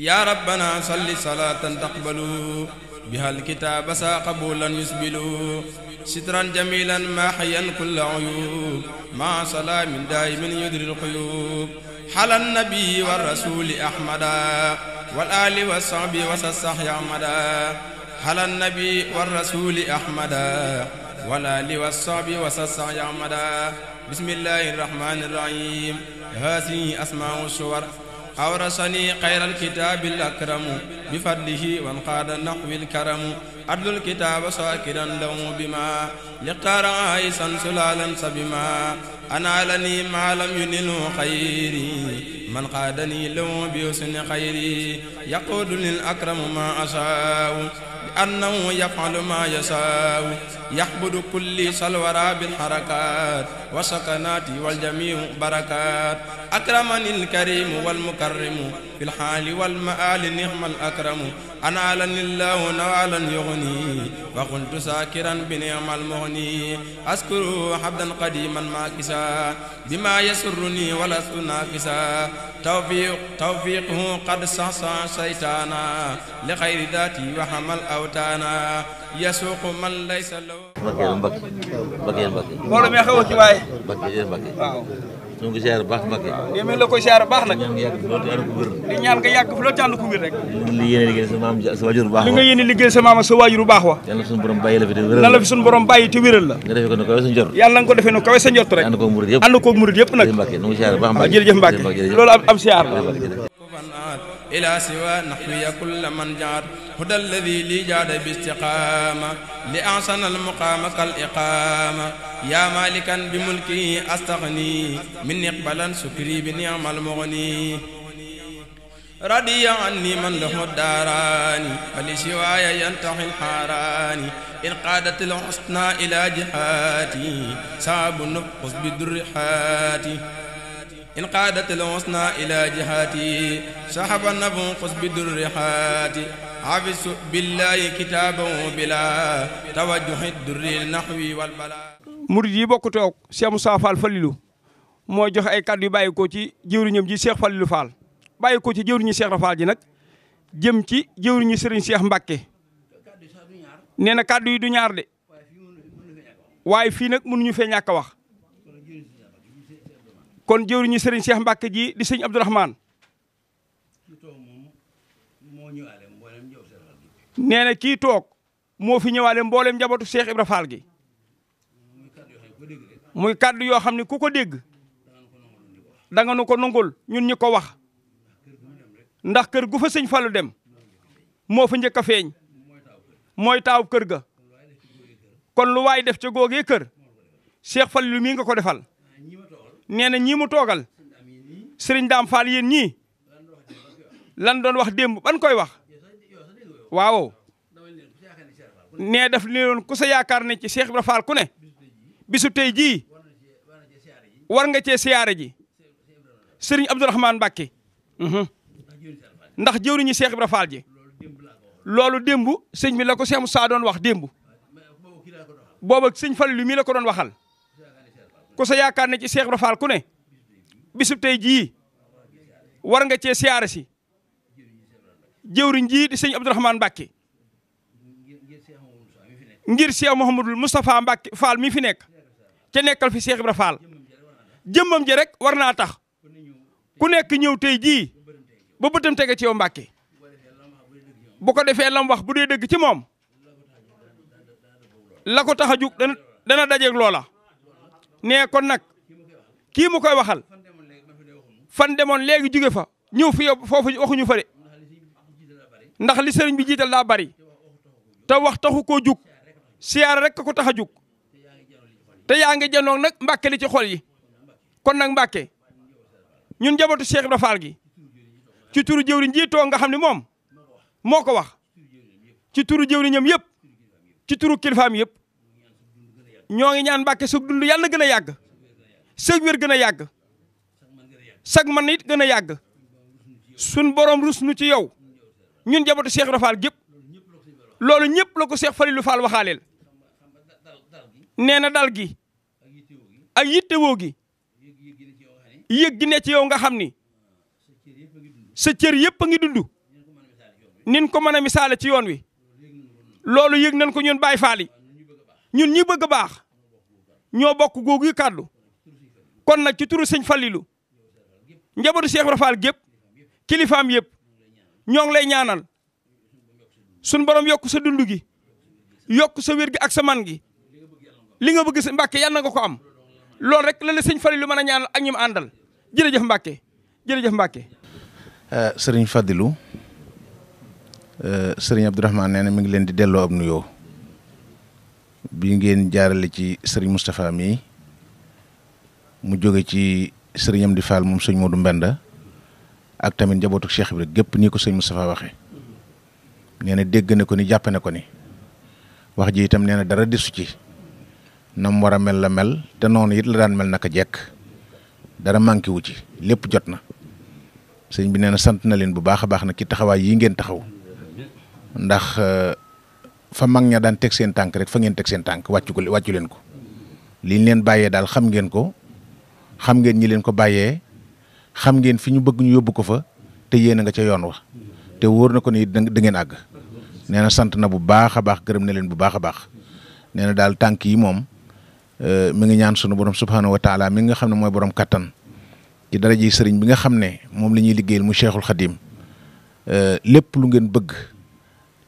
يا ربنا صل صلاة تقبل بها الكتاب سا قبولا يسبل سترا جميلا ما حيا كل عيوب مع سلام دائم يدري القيوب حل النبي والرسول أحمدا والآل والصحب وسسح يعمدا حل النبي والرسول أحمدا والآل والصحب وسسح يعمدا بسم الله الرحمن الرحيم هذه أسماء الشور أورسني خير الكتاب الأكرم بفضله وانقاد نحو الكرم أدل الكتاب ساكرا له بما لقار عيسا سلالا سبما أنالني ما لم ينله خيري من قادني له بحسن خيري يقول للأكرم ما أشاء لأنه يفعل ما يشاء يحبد كل صلورا بالحركات وسكنات والجميع بركات أكرمني الكريم والمكرم في الحال والمآل نعم الأكرم أنا أنالني الله نوالا يغني فكنت ساكرا بنعم المغني أذكر حبدا قديما كسا بما يسرني ولست ناكسا توفيق توفيقه قد صصى شيطانا لخير ذاتي وحمل اوتانا يسوق من ليس له بقي ñu ngi ziar baax Mbacke. yéen la koy ziar baax nag. di ñaan nga yàgg ko wér. di ñaan nga yàgg fi loolu te ànd ko wér rek. li yéene liggéey sa maam sa waajur bu baax li nga yéene liggéey sa maam ak sa waajur bu baax wa. yàlla suñu borom bàyyi la fi te wéral la la fi suñu borom bàyyi te wéral la. nga defee ko nu kawe sa njort. yàlla na nga ko defee nu kawe sa njort rek. ànd koog murid yëpp ànd koog murid yëpp nag. jërëjëf Mbacke ah, loolu am am ziar la ila siwa nahwiya kulla man jaar هدى الذي لي جاد باستقامة لأحسن المقام كالإقامة يا مالكا بملكه أستغني من إقبالا سكري بنعم المغني رضي عني من له الداران فلسواي ينتحي الحاران إن قادت الحسنى إلى جهاتي صعب النفس بدر حاتي إن قادت الحسنى إلى جهاتي صحب النفس بدر حاتي حفظت بالله كتابه بلا توجه الدر النحو والبلاء murid yi bokk toog Cheikh Moussa Fall Falilou joxe ay kàddu yu bàyyi ko ci jëwriñam ji seex Falilou Fall bàyyi ko ci jëwriñu Cheikh Rafal ji nag jëm ci jëwriñu Serigne Cheikh Mbacke nee na kàddu yi du ñaar de waaye fii nag mënuñu fee ñàkk a wax kon jëwriñu Serigne Cheikh Mbacke ji di sëñ Abdourahmane nee na kii toog moo fi ñëwaale mboolem njabootu Cheikh Ibra Fall gi muy kàddu yoo xam ne ku ko dégg danga nu ko nungul ñun ñi ko wax ndax kër gu fa sëñ Fallu dem moo fa njëkk a feeñ mooy taaw kër ga kon lu waay def ca googee kër Cheikh Fallu mii nga ko defal nee na ñii mu toogal sëriñ Daam Fall yéen ñii lan doon wax démb ban koy wax waaw nee daf leeroon ku yaakaar ne ci Cheikh Ibra Fall ku ne bisu tey jii war nga cee siyaare ji sëriñ Abdourahmane Mbacke mhm. ndax jëwriñu Cheikh Ibra Fall ji loolu démb sëñ bi la ko Cheikh Moussa saadoon wax démb booba sëñ Fallu mi la ko doon waxal ku yaakaar ne ci Cheikh Ibra Fall ku ne bisu tey jii war nga cee siyaare si jëwriñ jii di sëñ Abdourahmane Mbacke ngir Cheikh Mouhamadul Moustapha Mbacke Fall mi fi nekk te nekkal fi Cheikh Ibra Fall jëmmam ji rek war naa tax ku nekk ñëw tey jii ba bëtam tege ci yow Mbacke bu ko defee lam wax bu dee dëgg ci moom la ko tax a jug dana dana dajeeg loola nee kon nag kii mu koy waxal fan demoon léegi jóge fa ñëw fi foofu waxuñu fa de ndax li sëriñ bi jiital laa bari te wax taxu koo jug siyaar rek ko tax a jug te yaa ngi jëndoog nag mbàkke li ci xol yi kon nag mbàkke ñun njabootu Cheikh Ibra Fall gi ci turu jëwriñ ji toog nga xam ni moom moo ko wax ci turu jëwriñam yëpp ci turu kilifaam yëpp ñoo ngi ñaan mbàkke sug dund yàlla gën a yàgg sëg wér gën a yàgg sag man it gën a yàgg sun borom rus nu ci yow ñun njabootu Cheikh Ibra Fall gépp loolu ñëpp la ko Cheikh Falilou Fall waxaaleel nee na dal gi ak yittewoo gi yëg gi ne ci yow nga xam ni sa cër yëpp a ngi dund nin ko mën a misaale ci yoon wi loolu yëg nañ ko ñun Baay Faal ñun ñi bëgg a baax ñoo bokk googu kàddu kon nag ci turu sëñ Falilou njabootu Cheikh Ibra Fall gépp kilifaam yëpp ñong lay ñaanal sun borom yok sa dundu gi yok sa wir gi ak sa man gi li nga bëgg sa Mbàkke yàlla na nga ko am lool rek la la seigne fadilu mëna ñaanal ak ñi mu àndal jërëjëf Mbàkke jërëjëf Mbàkke. Eh, sëriñ Fadilou eh, Abdourahmane mi ngi leen di dello ab nuyo bi ngeen jaarale ci sëriñ mustapha mi mu joge ci di Fall mom sëñ Modou Mbenda. ak tamit njabootu Cheikh Ibra gépp ni ko sëñ Moustapha waxee nee na dégg na ko ni jàpp na ko ni wax ji itam nee na dara desu ci nam war a mel la mel te noonu it la daan mel naka jekk dara manqué wu ci lépp jot na sëñ bi nee na sant na leen bu baax a baax na ki taxawaay yi ngeen taxaw ndax euh, fa mag ña daan teg seen tànk rek fa ngeen teg seen tànk wàccu ko wàccu leen ko liñ leen bàyyee daal xam ngeen ko xam ngeen ñi leen ko bàyyee xam ngeen fi ñu bëgg ñu yobbu ko fa te yéen nga ca yoon wax te woor na ko ni da ngeen ag neena sant na bu bah baax gërëm na leen bu baaxa baax neena daal tànk yi moom euh, mi ngi ñaan sunu borom subhanahu wa taala mi nga xam ne mooy borom kattan ci ji sëriñ bi nga xam ne moom la ñuy liggéeyal mu cheikhul xadim euh, lépp lu ngeen bëgg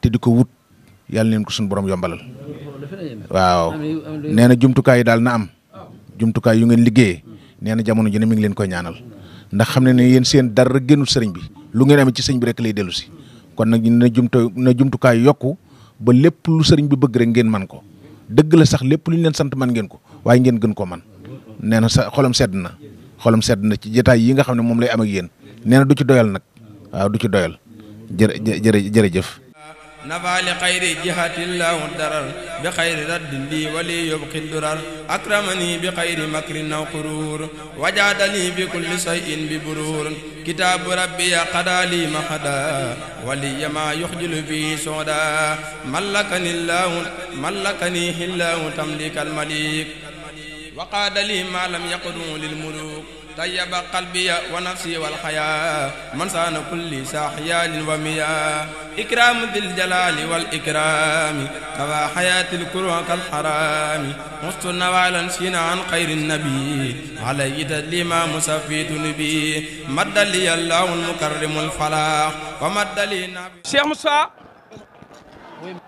te di ko wut yàlla neen ko suñu borom yombalal waaw neena jumtukaay daal na am jumtukaay yu ngeen liggéeyee neena jamono ji ne mi ngi leen koy ñaanal ndax xam ne ne yéen seen dara génnul sëriñ bi lu ngeen amee ci sëñ bi rek lay dellu si kon nag na jumtu na jumtukaay yokku ba lépp lu sëriñ bi bëgg rek ngeen man ko dëgg la sax lépp lu ñu leen sant man ngeen ko waaye ngeen gën ko man nee na sa xolam sedd na xolam sedd na ci jotaay yi nga xam ne moom lay am ak yéen nee na du ci doyal nag waaw du ci doyal jërë jërë jërëjëf نفع لخير جهات الله الدرر بخير رد لي ولي يبقي الدرر أكرمني بخير مكر أو قرور وجعلني بكل شيء ببرور كتاب ربي قدى لي مخدا ولي ما يخجل فيه سودا ملكني الله ملكني الله تملك المليك وقاد لي ما لم يقدم للملوك طيب قلبي ونفسي والحياة من صان كل ساحيال وميا إكرام ذي الجلال والإكرام كفى حياة الكره كالحرام مست نوالا سين عن خير النبي علي تدليم مسفيت نبي مد لي الله المكرم الفلاح ومد لي نبي شيخ موسى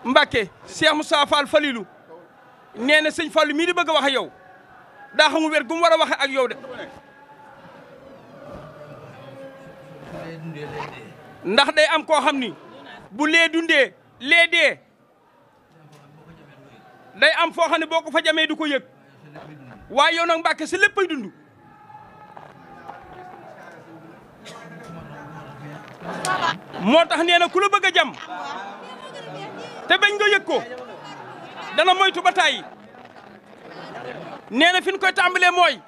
Mbacke Cheikh Moussa Fall Falilou nee na sëñ Fallu mii di bëgg a wax yow daa ndax day am koo xam ni bu lee dundee lee dee day am foo xam ne boo ko fa jamee du ko yëg waaye yow nag Mbàkke si léppay dund moo tax nee ku la bëgg a jam te bañ nga yëg ko dana moytu ba tàyyi nee na fi ñu koy tàmbalee mooy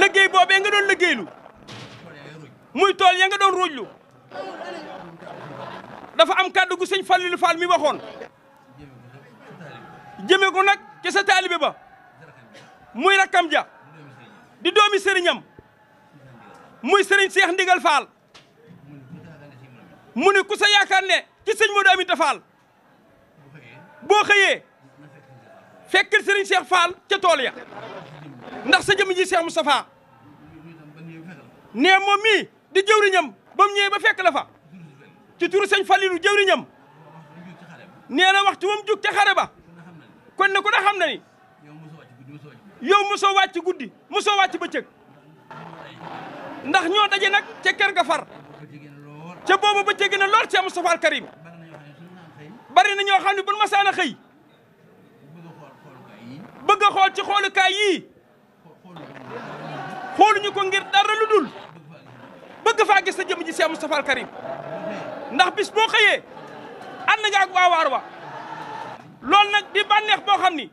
liggéey boobee nga doon liggéeylu muy tool ya nga doon ruujlu dafa am kàddu gu sëñ Fallilu Fall mi waxoon jëme ko nag ci sa taalibe ba muy rakkam ja di doomi sëriñam muy sëriñ Seex Ndigal Fall mu ni ku sa yaakaar ne ci sëñ Modou Aminta Fall boo xëyee fekkal sëriñ Seex Fall ca tool ya ndax sa jëm ji Seex Moustapha nee moom mii di jëwriñam ba mu ñëwee ba fekk la fa ci turu sëñ Falilou jëwriñam nee na waxtu wam jug ca xare ba kon ne ko ne xam na ni yow mosoo wàcc guddi mosoo wàcc bëccëg ndax ñoo daje nag ca kër ga far ca boobu bëccëg na lool ci Moustapha al Karim bari na ñoo xam ne bu a xëy bëgg a xool ci xoolukaay yii xooluñu ko ngir dara lu dul bëgg faa gis sa jëm ji Cheikh Moustapha Al Karim ndax bis boo xëyee ànd nga ak waa waar wa loolu nag di bànneex boo xam ni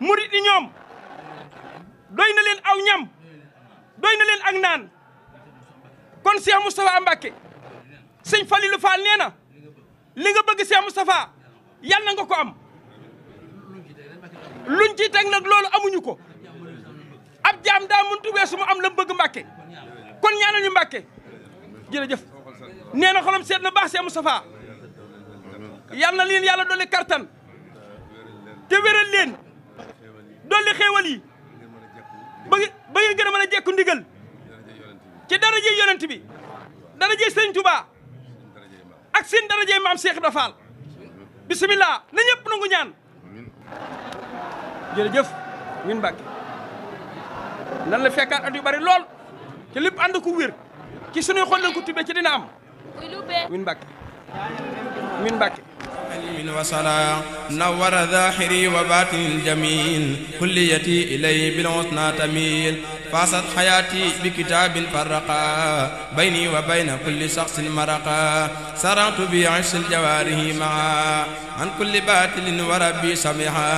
murit yi ñoom doy na leen aw ñam doy na leen ak naan kon Cheikh Moustapha Mbacke sëñ Falilou Fall nee na li nga bëgg Cheikh Moustapha yal na nga ko am luñ ci nag loolu amuñu ko ab jaam daa mëntu weesu am la mu bëgg Mbacke kon ñaanal ñu Mbàkke jërëjëf nee na xolam seet na baax see Moustapha yal na leen yàlla dolli kartan te wéral leen dolli xéewal yi ba ba ngeen gën a mën a jekku ndigal ci daraje yonent bi daraje sëñ Touba ak seen daraje maam Cheikh Ibra Fall bisimilah na ñëpp nangu ñaan jërëjëf ñun Mbàkke nan la fekkaat at yu bari lool te lépp ànd ko wér ci suñuy xol lañ ko tibbee ci dina am. win Mbàkke win Mbàkke. وصلا نور ذاحري وباطن جميل كليتي إلي بالعثنى تميل فاصت حياتي بكتاب فرقا بيني وبين كل شخص مرقا سرعت بعش الجواره معا عن كل باطل وربي سمحا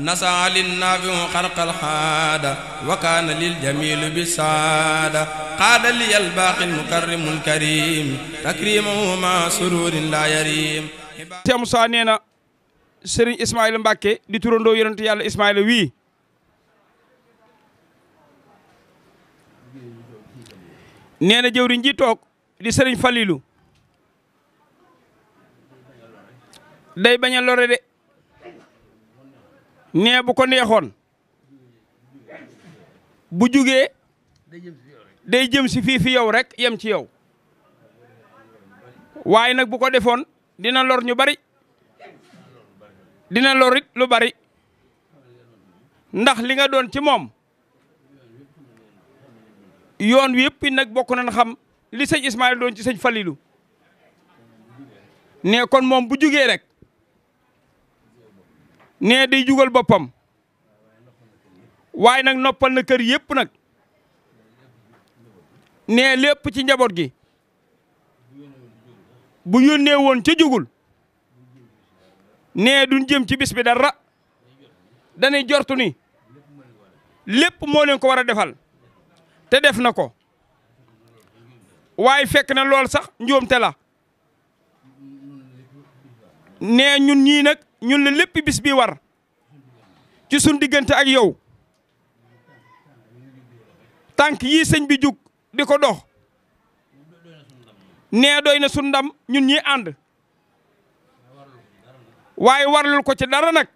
nasaa linnaafiu xarqal xaada wa kaana lil jamiilu bi saada xaada liyal baaxil mukarrimul karim takrimahu ma sururin laa yarim Seex Musaa nee na Sëriñ di turandoo yonent yàlla Ismaayla wii nee na jëwriñ di Sëriñ Falilu day bañ lore de nee bu ko neexoon bu jugee day jëm si fii fi yow rek yem ci yow waaye nag bu ko defoon dina lor ñu bari dina lorit lu bari ndax li nga doon ci moom yoon wi yëpp nag bokk nañ xam li sëñ Ismaïla doon ci sëñ falilu ne kon moom bu jugee rek nee day jugal boppam waaye nag noppal na kër yépp nag nee lépp ci njaboot gi bu yónnee woon ca jugul nee duñ jëm ci bis bi dara danay jortu ni lépp moo leen ko war a defal te def na ko waaye fekk na lool sax njuumte la nee ñun ñii nag ñun la lépp bis bi war ci suñ diggante ak yow tànk yii sëñ bi jug di ko dox nee doy na suñ ndam ñun ñi ànd waaye warlul ko ci dara nag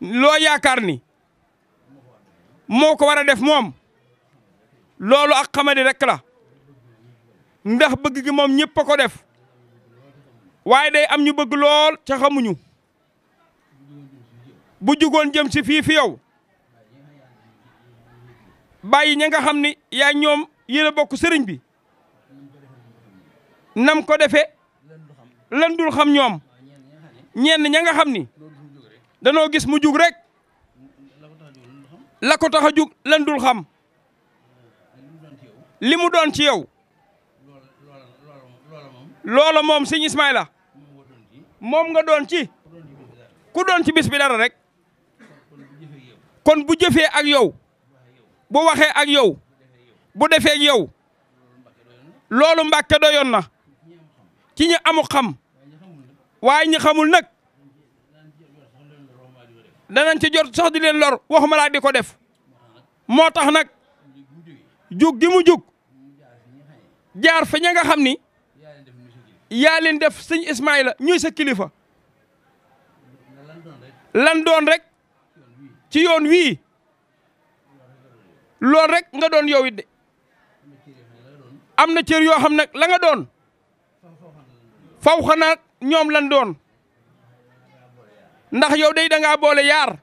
loo yaakaar ni moo ko war a def moom loolu ak xamadi rek la ndax bëgg gi moom ñëpp a ko def waaye day am ñu bëgg lool ca xamuñu bu jugoon jëm si fii fi yow bàyyi ña nga xam ni yaa ñoom yéen a bokk sëriñ bi nam ko defee lan dul xam ñoom ñenn ña nga xam ni danoo gis mu jug rek la ko tax a jug lan dul xam limu doon ci yow loola moom sëñ Ismaïla moom nga doon ci ku doon ci bis bi dara rek kon bu jëfee ak yow bu waxee ak yow bu defee ak yow loolu mbàkke doyoon na ci ñu amu xam waaye ñu xamul nag danañ ci jot sax di leen lor waxuma laa di ko def moo tax nag jug gi mu jug jaar fa ña nga xam ni yaa leen def sëñ Ismaïla ñuy sa kilifa lan doon rek ci yoon wii loolu rekk nga doon yow it de am na cër yoo xam nag la nga doon faw xanaa ñoom lan doon ndax yow day da ngaa boole yaar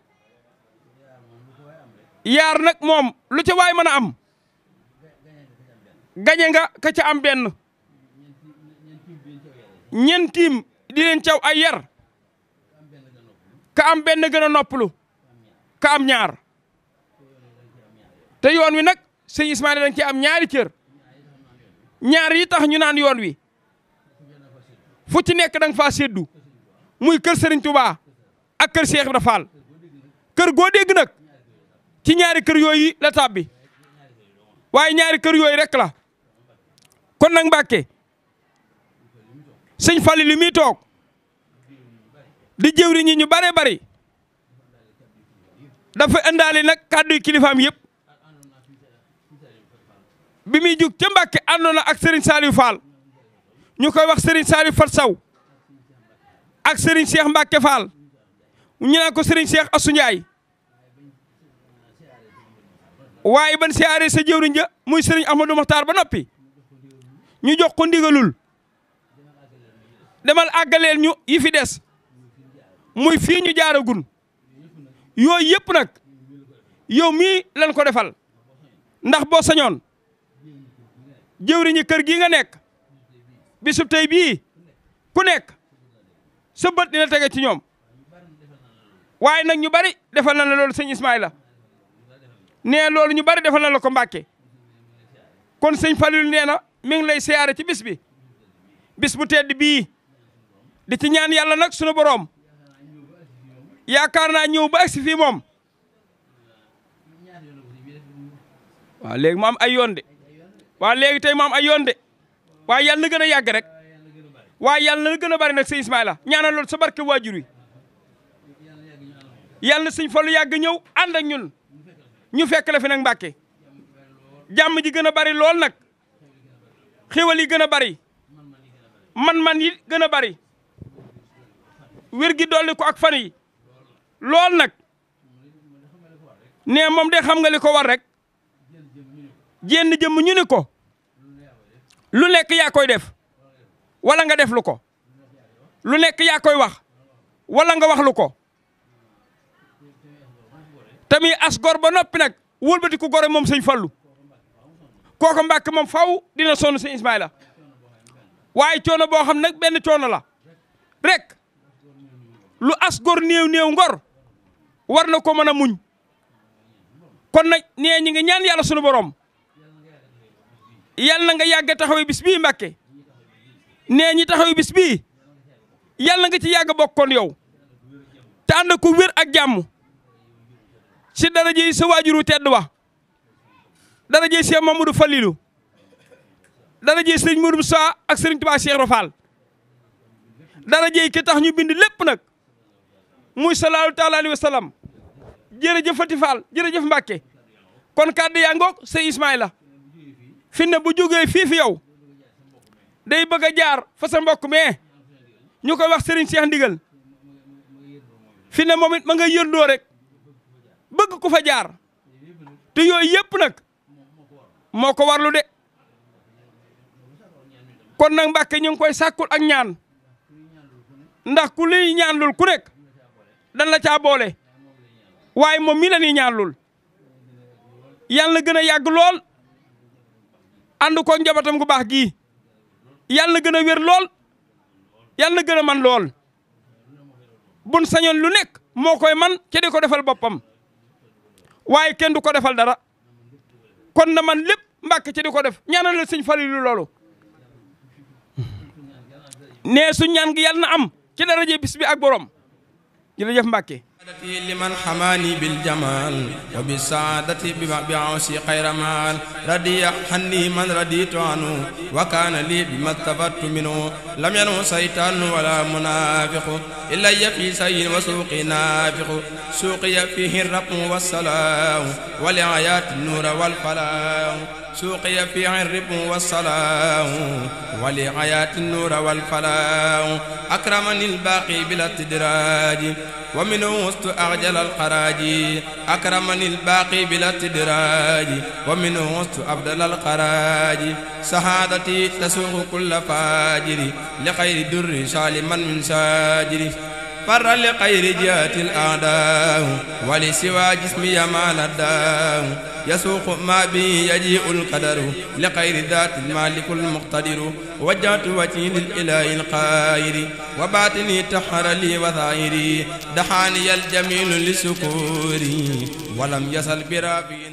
yaar nag moom lu ca waay mën a am gañe nga ka ca am benn nyentim di len caw ay yar ka am ben gën a ka am ñaar te yoon wi nak seigne Ismaïla dañ ci am ñaari cër ñaar yi tax ñu naan yoon wi fu ci nek dang fa seddu muy kër Serigne Touba ak kër Cheikh Ibra Fall kër go deg nak ci ñaari kër yi la tabbi waye ñaari kër yoy rek la kon nak sëñ Fallou mi toog di jëwriñ ñu bare bari dafa indaale nag kàdduy kilifaam yëpp bi muy jug ca Mbàkke àndoon ak Serigne Saliou Fall ñu koy wax Serigne Saliou Fat Saw ak Serigne Cheikh Mbacke Fall ñu naan ko Serigne Cheikh Assou Ndiaye waaye ban siyaare sa jëwriñ ja muy Serigne Ahmadou ba noppi ñu jox ko ndigalul demal àggaleel ñu yi fi des muy fii ñu jaaragul yooyu yëpp nag yow mii lañ ko defal ndax boo sañoon jëwriñi kër gi nga nekk bisub tey bii ku nekk sa bët dina tege ci ñoom waaye nag ñu bari defal na la loolu sëñ Ismaïla nee loolu ñu bari defal na la ko Mbàkke kon sëñ Falil nee na mi ngi lay siyaare ci bis bi bis bu tedd bii di ci ñaan yàlla nag sunu boroom yaakaar naa ñëw ba agsi fii moom waaw léegi mu ay yoon de waa léegi tey mu ay yoon de waaye yàlla na gën a yàgg rek waaye yàlla na gën a bari nag sëñ Ismaïla ñaanal lool sa barke waajur wi yàlla na sëñ Fallu yàgg ñëw ànd ñun ñu fekk la fi nag Mbàkke jàmm ji gën a bari lool nag xéwal yi gën a bari man-man yi gën a bari wér gi dolli ko ak fan yi lool nag ne moom de xam nga li ko war rek jénn jëmm ñu ni ko lu nekk yaa koy def wala nga def lu ko lu nekk yaa koy wax walla nga wax lu ko tamit as gor ba noppi nag wëlbati ku gore moom sëñ Fallu kooku Mbàkke moom faw dina sonn sëñ Ismaila waaye coono boo xam nag benn coono la rek lu as gor néew néew ngor war na ko mën muñ kon nak ne ñi nga ñaan yalla suñu borom yalla nga yàgg taxawee bis bi Mbàkke ne ñi taxawee bis bi yalla nga ci yàgg bokkon yow ta and ko wër ak jamm ci daraje yi sa wajuru tedd wa daraje Cheikh Mamadou Falilou daraje Serigne mourou Sa ak Serigne Touba Cheikh Rofal daraje ki tax ñu bind lepp nak muy salaahu taala alayhi wa salaam jërëjëf Fati Fall jërëjëf Mbacke kon kàddu yaa ngoog sëñ fi ne bu jógee fii fi yow day bëgg a jaar fa sa mbokk mais ñu koy wax Serigne Cheikh Ndigal fi ne moom ma nga yëndoo rek bëgg ku fa jaar te yooyu yëpp moo ko warlu de kon nag Mbacke ñu ngi koy sàkkul ak ñaan ndax ku liy ñaanlul ku nekk. dan la caa boole waaye moom mi la ñuy ñaanlul yàlla na gën a yàgg lool ànd ko njabootam gu baax gii yàlla na gën a wér lool yàlla na gën a man lool bun sañoon lu nekk moo koy man ca di ko defal boppam waaye kenn du ko defal dara kon da man lépp mbàkk ca di ko def ñaanal la sëñ Falilu loolu ne su ñaan gi yàlla na am ci daraje bis bi ak borom jërëjëf Mbacke liman xamaani bil jamal wa bi saadati bi awsi xayra maal radiya xanni man raditu anu wa kaana li bi mastafartu minu lam yanu saytaan wala munaafiqu ilaya fi sayin wa suuqi naafiqu suuqiya fihi rabu wassalaamu wa li ayaati nuura wal falaamu سوقي في عرب والصلاة ولعيات النور والفلاة أكرمني الباقي بلا تدراج ومن وسط أعجل القراج أكرمني الباقي بلا تدراج ومن وسط أبدل القراج سعادتي تسوق كل فاجر لخير در سالما من ساجر فر لخير جهة الأعداء ولسوى جسمي ما لداه يسوق ما به يجيء القدر لخير ذات المالك المقتدر وجهت وجهي للإله القائر وباتني تحر لي وظاهري دحاني الجميل لسكوري ولم يصل برابي